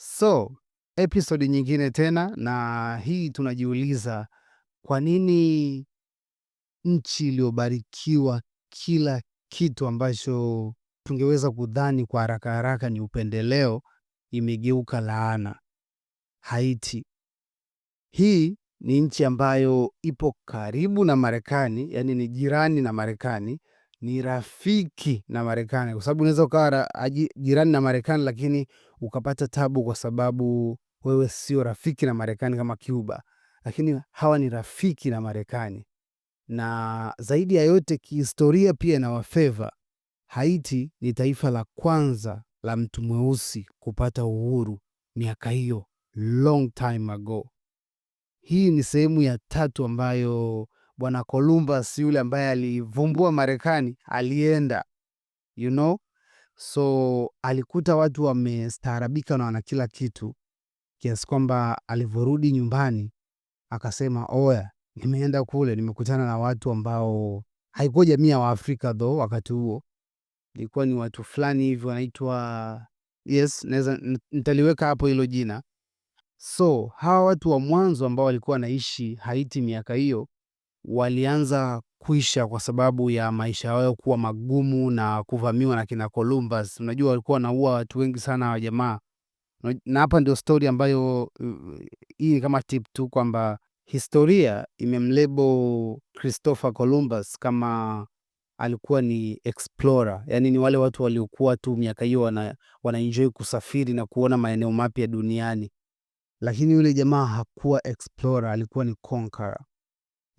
So, episodi nyingine tena na hii tunajiuliza kwa nini nchi iliyobarikiwa kila kitu ambacho tungeweza kudhani kwa haraka haraka ni upendeleo imegeuka laana. Haiti. Hii ni nchi ambayo ipo karibu na Marekani, yani ni jirani na Marekani, ni rafiki na Marekani, kwa sababu unaweza ukawa jirani na Marekani lakini ukapata tabu kwa sababu wewe sio rafiki na Marekani kama Cuba, lakini hawa ni rafiki na Marekani. Na zaidi ya yote kihistoria pia na wafeva, Haiti ni taifa la kwanza la mtu mweusi kupata uhuru miaka hiyo long time ago. Hii ni sehemu ya tatu ambayo bwana Columbus yule ambaye alivumbua Marekani alienda you know So alikuta watu wamestaarabika na wana kila kitu, kiasi kwamba alivyorudi nyumbani akasema, oya, nimeenda kule nimekutana na watu ambao haikuwa jamii ya Waafrika though, wakati huo ilikuwa ni watu fulani hivi wanaitwa yes, naweza nitaliweka hapo hilo jina. So hawa watu wa mwanzo ambao walikuwa wanaishi Haiti miaka hiyo walianza kuisha kwa sababu ya maisha yao kuwa magumu na kuvamiwa na kina Columbus. Unajua walikuwa wanaua watu wengi sana wa jamaa, na hapa ndio story ambayo uh, hii ni kama tip tu kwamba historia imemlebo Christopher Columbus kama alikuwa ni explorer, yani ni wale watu waliokuwa tu miaka hiyo wana, enjoy kusafiri na kuona maeneo mapya duniani, lakini yule jamaa hakuwa explorer, alikuwa ni conqueror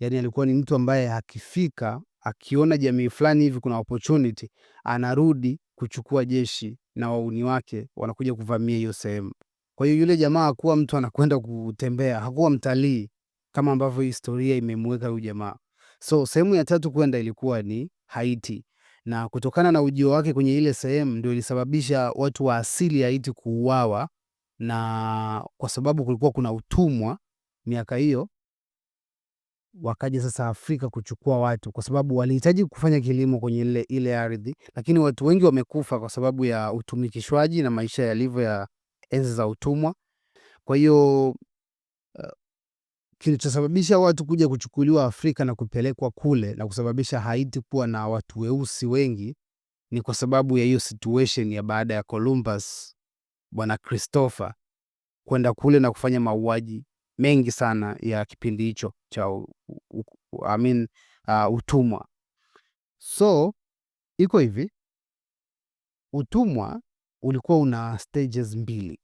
yani alikuwa ni mtu ambaye akifika akiona jamii fulani hivi kuna opportunity anarudi kuchukua jeshi na wauni wake wanakuja kuvamia hiyo sehemu. Kwa hiyo yule jamaa hakuwa mtu anakwenda kutembea, hakuwa mtalii kama ambavyo historia imemweka huyu jamaa. So sehemu ya tatu kwenda ilikuwa ni Haiti, na kutokana na ujio wake kwenye ile sehemu ndio ilisababisha watu wa asili ya Haiti kuuawa, na kwa sababu kulikuwa kuna utumwa miaka hiyo wakaja sasa Afrika kuchukua watu, kwa sababu walihitaji kufanya kilimo kwenye ile ile ardhi, lakini watu wengi wamekufa kwa sababu ya utumikishwaji na maisha yalivyo ya enzi za utumwa. Kwa hiyo uh, kilichosababisha watu kuja kuchukuliwa Afrika na kupelekwa kule na kusababisha Haiti kuwa na watu weusi wengi ni kwa sababu ya hiyo situation ya baada ya Columbus, bwana Christopher kwenda kule na kufanya mauaji mengi sana ya kipindi hicho cha I mean, uh, utumwa. So iko hivi, utumwa ulikuwa una stages mbili.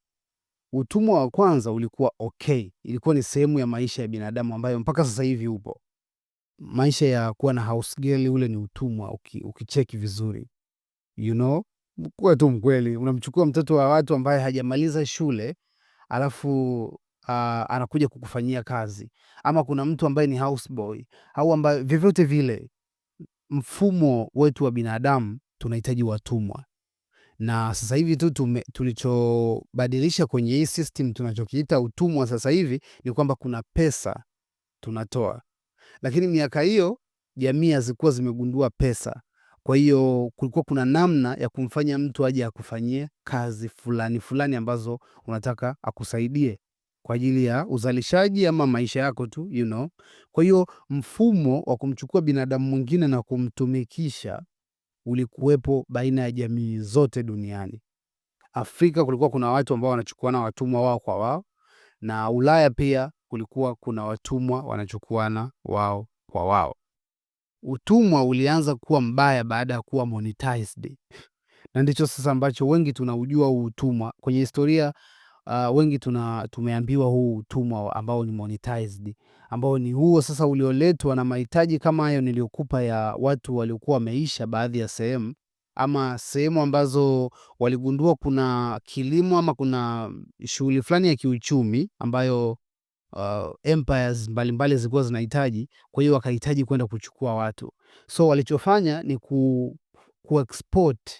Utumwa wa kwanza ulikuwa okay, ilikuwa ni sehemu ya maisha ya binadamu ambayo mpaka sasa hivi upo. Maisha ya kuwa na house girl ule ni utumwa uki, ukicheki vizuri you know, kuwa tu mkweli, unamchukua mtoto wa watu ambaye hajamaliza shule alafu uh, anakuja kukufanyia kazi, ama kuna mtu ambaye ni houseboy au ambaye vyovyote vile, mfumo wetu wa binadamu tunahitaji watumwa na sasa hivi tu tulichobadilisha kwenye hii system tunachokiita utumwa sasa hivi ni kwamba kuna pesa tunatoa, lakini miaka hiyo jamii hazikuwa zimegundua pesa. Kwa hiyo kulikuwa kuna namna ya kumfanya mtu aje akufanyie kazi fulani fulani ambazo unataka akusaidie kwa ajili ya uzalishaji ama maisha yako tu you know. Kwa hiyo mfumo wa kumchukua binadamu mwingine na kumtumikisha ulikuwepo baina ya jamii zote duniani. Afrika kulikuwa kuna watu ambao wanachukuana watumwa wao kwa wao, na Ulaya pia kulikuwa kuna watumwa wanachukuana wao kwa wao. Utumwa ulianza kuwa mbaya baada ya kuwa monetized, na ndicho sasa ambacho wengi tunaujua utumwa kwenye historia uh, wengi tuna, tumeambiwa huu utumwa ambao ni monetized, ambao ni huo sasa ulioletwa na mahitaji kama hayo niliyokupa ya watu waliokuwa wameisha baadhi ya sehemu ama sehemu ambazo waligundua kuna kilimo ama kuna shughuli fulani ya kiuchumi ambayo uh, empires mbalimbali zilikuwa zinahitaji, kwa hiyo wakahitaji kwenda kuchukua watu. So walichofanya ni ku, ku export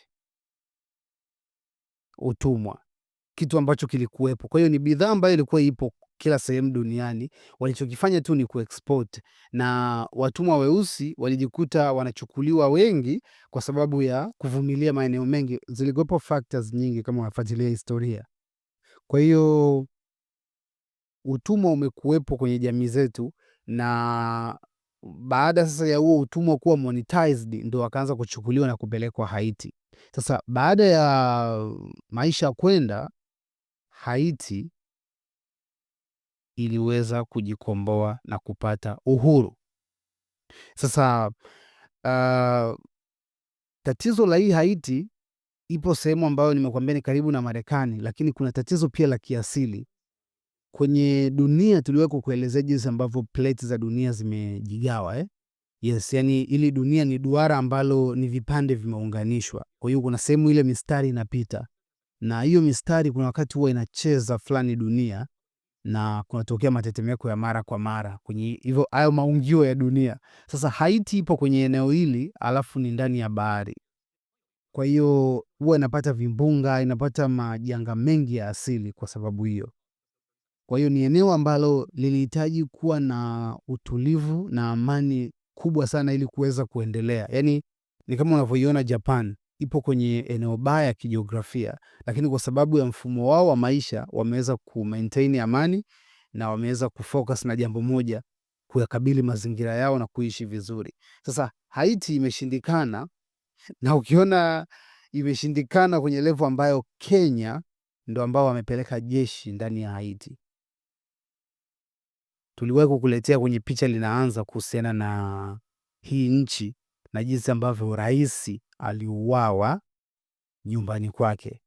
utumwa kitu ambacho kilikuwepo. Kwa hiyo ni bidhaa ambayo ilikuwa ipo kila sehemu duniani, walichokifanya tu ni kuexport, na watumwa weusi walijikuta wanachukuliwa wengi kwa sababu ya kuvumilia maeneo mengi. Zilikuwepo factors nyingi kama wafuatilia historia. Kwa hiyo utumwa umekuwepo kwenye jamii zetu, na baada sasa ya huo utumwa kuwa monetized, ndo wakaanza kuchukuliwa na kupelekwa Haiti. Sasa baada ya maisha kwenda Haiti iliweza kujikomboa na kupata uhuru. Sasa uh, tatizo la hii Haiti ipo sehemu ambayo nimekuambia ni karibu na Marekani, lakini kuna tatizo pia la kiasili kwenye dunia. Tuliwahi kukuelezea jinsi ambavyo plate za dunia zimejigawa eh? Yes, yani ili dunia ni duara ambalo ni vipande vimeunganishwa. Kwa hiyo kuna sehemu ile mistari inapita na hiyo mistari kuna wakati huwa inacheza fulani dunia na kunatokea matetemeko ya mara kwa mara kwenye hivyo hayo maungio ya dunia. Sasa Haiti ipo kwenye eneo hili, alafu ni ndani ya bahari, kwa hiyo huwa inapata vimbunga, inapata majanga mengi ya asili kwa sababu hiyo. Kwa hiyo ni eneo ambalo lilihitaji kuwa na utulivu na amani kubwa sana ili kuweza kuendelea, yani ni kama unavyoiona Japan ipo kwenye eneo baya ya kijiografia, lakini kwa sababu ya mfumo wao wa maisha wameweza ku maintain amani na wameweza kufocus na jambo moja, kuyakabili mazingira yao na kuishi vizuri. Sasa Haiti imeshindikana, na ukiona imeshindikana kwenye levo ambayo Kenya ndo ambao wamepeleka jeshi ndani ya Haiti. Tuliwahi kukuletea kwenye picha linaanza kuhusiana na hii nchi na jinsi ambavyo rais aliuawa nyumbani kwake,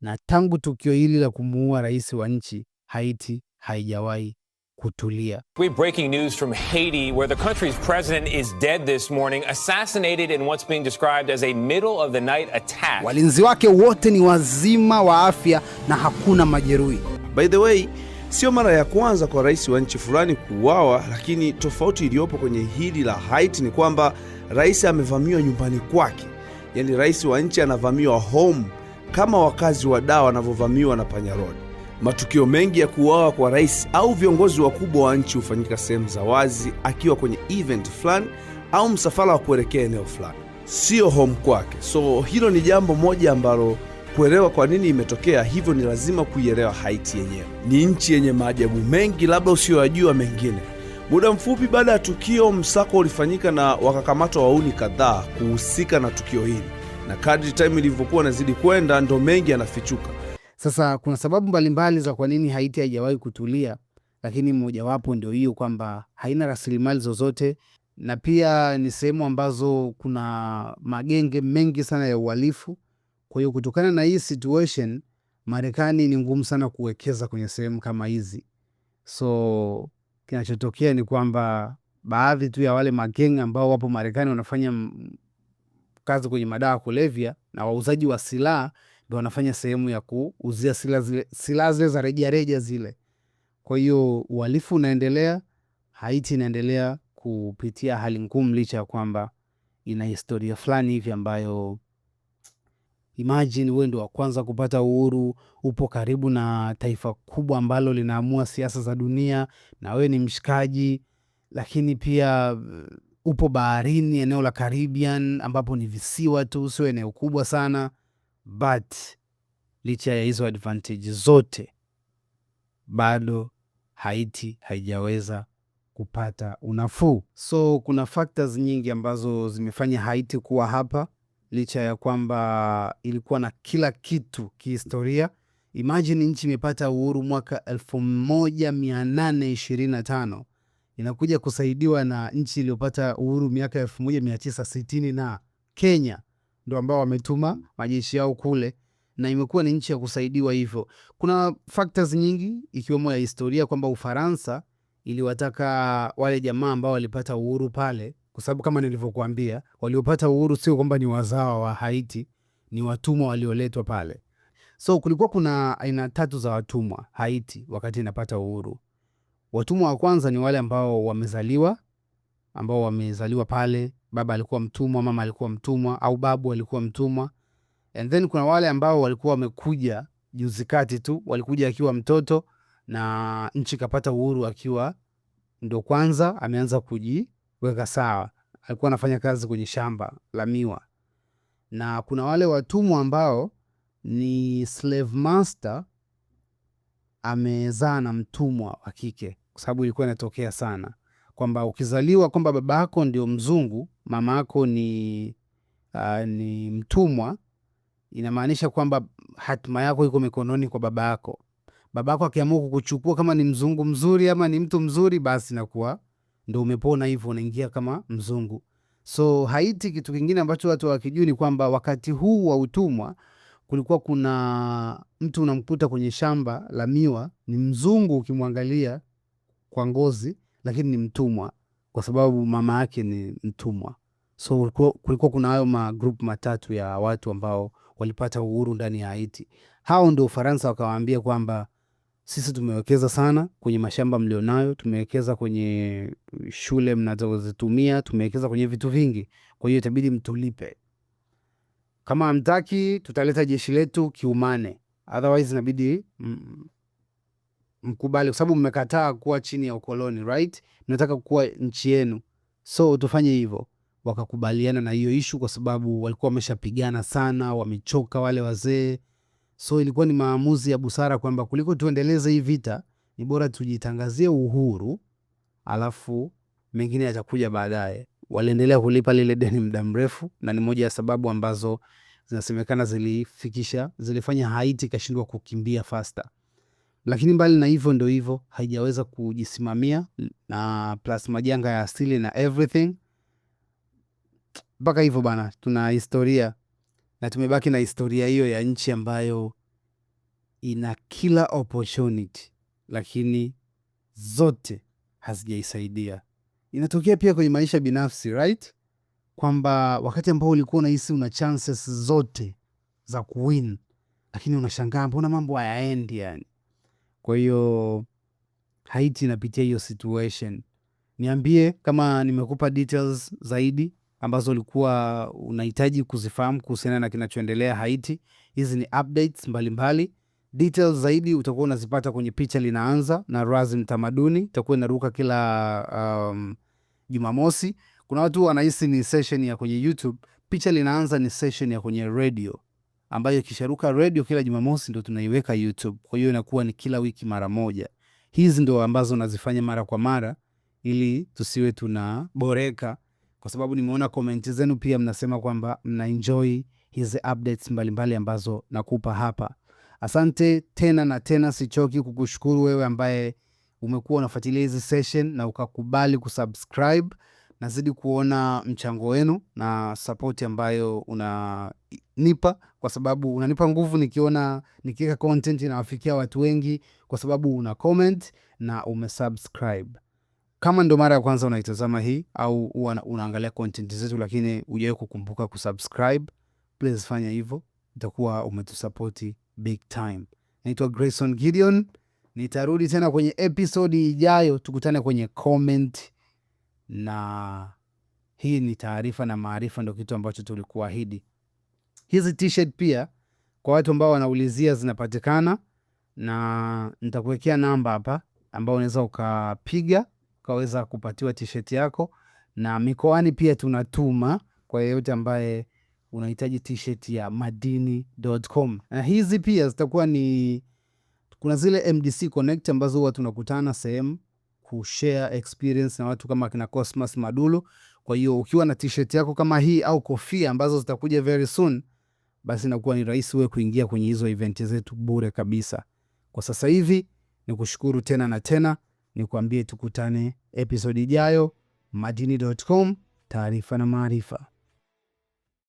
na tangu tukio hili la kumuua rais wa nchi Haiti haijawahi kutulia. We breaking news from Haiti where the country's president is dead this morning assassinated in what's being described as a middle of the night attack. Walinzi wake wote ni wazima wa afya na hakuna majeruhi. By the way, Sio mara ya kwanza kwa rais wa nchi fulani kuuawa, lakini tofauti iliyopo kwenye hili la Haiti ni kwamba rais amevamiwa nyumbani kwake. Yaani rais wa nchi anavamiwa home kama wakazi wa Dar wanavyovamiwa na panyarodi. Matukio mengi ya kuuawa kwa rais au viongozi wakubwa wa nchi hufanyika sehemu za wazi, akiwa kwenye event fulani au msafara wa kuelekea eneo fulani, sio home kwake. So hilo ni jambo moja ambalo kuelewa kwa nini imetokea hivyo, ni lazima kuielewa Haiti yenyewe. Ni nchi yenye maajabu mengi, labda usiyoyajua mengine. Muda mfupi baada ya tukio, msako ulifanyika na wakakamatwa wauni kadhaa kuhusika na tukio hili, na kadri time ilivyokuwa inazidi kwenda, ndo mengi yanafichuka. Sasa kuna sababu mbalimbali za kwa nini Haiti haijawahi kutulia, lakini mmojawapo ndio hiyo kwamba haina rasilimali zozote, na pia ni sehemu ambazo kuna magenge mengi sana ya uhalifu kwa hiyo kutokana na hii situation, Marekani ni ngumu sana kuwekeza kwenye sehemu kama hizi, so kinachotokea ni kwamba baadhi tu ya wale mageng ambao wapo Marekani wanafanya kazi kwenye madawa kulevya na wauzaji wa silaha ndo wanafanya sehemu ya kuuzia silaha zile, silaha zile za rejareja zile. Kwa hiyo uhalifu unaendelea, Haiti inaendelea kupitia hali ngumu, licha ya kwamba ina historia fulani hivi ambayo Imagine wewe ndio wa kwanza kupata uhuru, upo karibu na taifa kubwa ambalo linaamua siasa za dunia, na wewe ni mshikaji, lakini pia uh, upo baharini, eneo la Caribbean ambapo ni visiwa tu, sio eneo kubwa sana. But licha ya hizo advantage zote, bado Haiti haijaweza kupata unafuu. So kuna factors nyingi ambazo zimefanya Haiti kuwa hapa licha ya kwamba ilikuwa na kila kitu kihistoria. Imagine nchi imepata uhuru mwaka 1825 inakuja kusaidiwa na nchi iliyopata uhuru miaka 1960 na Kenya ndo ambao wametuma majeshi yao kule na imekuwa ni nchi ya kusaidiwa hivyo. Kuna factors nyingi ikiwemo ya historia kwamba Ufaransa iliwataka wale jamaa ambao walipata uhuru pale kwa sababu kama nilivyokuambia, waliopata uhuru sio kwamba ni wazawa wa Haiti, ni watumwa walioletwa pale. So kulikuwa kuna aina tatu za watumwa Haiti wakati inapata uhuru. Watumwa wa kwanza ni wale ambao wamezaliwa, ambao wamezaliwa pale, baba alikuwa mtumwa, mama alikuwa mtumwa, au babu alikuwa mtumwa. And then kuna wale ambao walikuwa wamekuja juzi kati tu, walikuja akiwa mtoto na nchi kapata uhuru akiwa ndo kwanza ameanza kuji kuweka sawa. Alikuwa anafanya kazi kwenye shamba la miwa, na kuna wale watumwa ambao ni slave master amezaa na mtumwa wa kike, kwa sababu ilikuwa inatokea sana kwamba ukizaliwa kwamba baba yako ndio mzungu, mama yako ni, uh, ni mtumwa, inamaanisha kwamba hatima yako iko mikononi kwa baba yako. Baba yako akiamua kukuchukua, kama ni mzungu mzuri ama ni mtu mzuri, basi nakuwa ndo umepona hivyo, unaingia kama mzungu. So Haiti, kitu kingine ambacho watu hawakijui ni kwamba wakati huu wa utumwa kulikuwa kuna mtu unamkuta kwenye shamba la miwa, ni mzungu ukimwangalia kwa ngozi, lakini ni mtumwa kwa sababu mama yake ni mtumwa. So kulikuwa kuna hayo magrupu matatu ya watu ambao walipata uhuru ndani ya Haiti. Hao ndio Ufaransa wakawaambia kwamba sisi tumewekeza sana kwenye mashamba mlionayo, tumewekeza kwenye shule mnazozitumia, tumewekeza kwenye vitu vingi. Kwa hiyo itabidi mtulipe. Kama hamtaki, tutaleta jeshi letu kiumane, otherwise inabidi mkubali, kwa sababu mmekataa kuwa chini ya ukoloni right? Mnataka kuwa nchi yenu, so tufanye hivyo. Wakakubaliana na hiyo ishu, kwa sababu walikuwa wameshapigana sana, wamechoka wale wazee. So ilikuwa ni maamuzi ya busara kwamba kuliko tuendeleze hii vita, ni bora tujitangazie uhuru, alafu mengine yatakuja baadaye. Waliendelea kulipa lile deni muda mrefu, na ni moja ya sababu ambazo zinasemekana zilifikisha zilifanya Haiti ikashindwa kukimbia fasta. Lakini mbali na hivyo, ndo hivyo haijaweza kujisimamia na plus majanga ya asili na everything mpaka hivyo bana, tuna historia na tumebaki na historia hiyo ya nchi ambayo ina kila opportunity lakini zote hazijaisaidia. Inatokea pia kwenye maisha binafsi right, kwamba wakati ambao ulikuwa unahisi una chances zote za kuwin, lakini unashangaa mbona mambo hayaendi yani. Kwa hiyo Haiti inapitia hiyo situation. Niambie kama nimekupa details zaidi ambazo ulikuwa unahitaji kuzifahamu kuhusiana na kinachoendelea Haiti. Hizi ni updates mbalimbali. Details zaidi utakuwa unazipata kwenye Picha Linaanza na Razim Tamaduni, itakuwa inaruka kila um, Jumamosi. Kuna watu wanahisi ni session ya kwenye YouTube. Picha Linaanza ni session ya kwenye radio ambayo ikisharuka radio kila Jumamosi ndo tunaiweka YouTube. Kwa hiyo inakuwa ni kila wiki mara moja. Hizi ndo ambazo nazifanya mara kwa mara ili tusiwe tunaboreka kwa sababu nimeona komenti zenu pia mnasema kwamba mna enjoy hizi updates mbalimbali ambazo nakupa hapa. Asante tena na tena, sichoki kukushukuru wewe ambaye umekuwa unafuatilia hizi session na ukakubali kusubscribe. Nazidi kuona mchango wenu na sapoti ambayo unanipa, kwa sababu unanipa nguvu nikiona nikiweka content inawafikia watu wengi, kwa sababu una comment na umesubscribe. Kama ndo mara ya kwanza unaitazama hii au unaangalia content zetu lakini hujawahi kukumbuka kusubscribe, please fanya hivyo, utakuwa umetusapoti big time. Naitwa Grayson Gideon, nitarudi tena kwenye episodi ijayo. Tukutane kwenye comment, na hii ni taarifa na maarifa, ndo kitu ambacho tulikuahidi. Hizi t-shirt pia kwa watu ambao wanaulizia zinapatikana, na nitakuwekea namba hapa ambao unaweza ukapiga ukaweza kupatiwa t-shirt yako, na mikoani pia tunatuma kwa yeyote ambaye unahitaji t-shirt ya madini.com. Na hizi pia zitakuwa ni kuna zile MDC Connect ambazo huwa tunakutana sehemu kushare experience na watu kama kina Cosmas Madulu. Kwa hiyo ukiwa na t-shirt yako kama hii au kofia ambazo zitakuja very soon, basi inakuwa ni rahisi wewe kuingia kwenye hizo event zetu bure kabisa. Kwa sasa hivi ni kushukuru tena na tena. Nikwambie tukutane episodi ijayo, madini.com, taarifa na maarifa.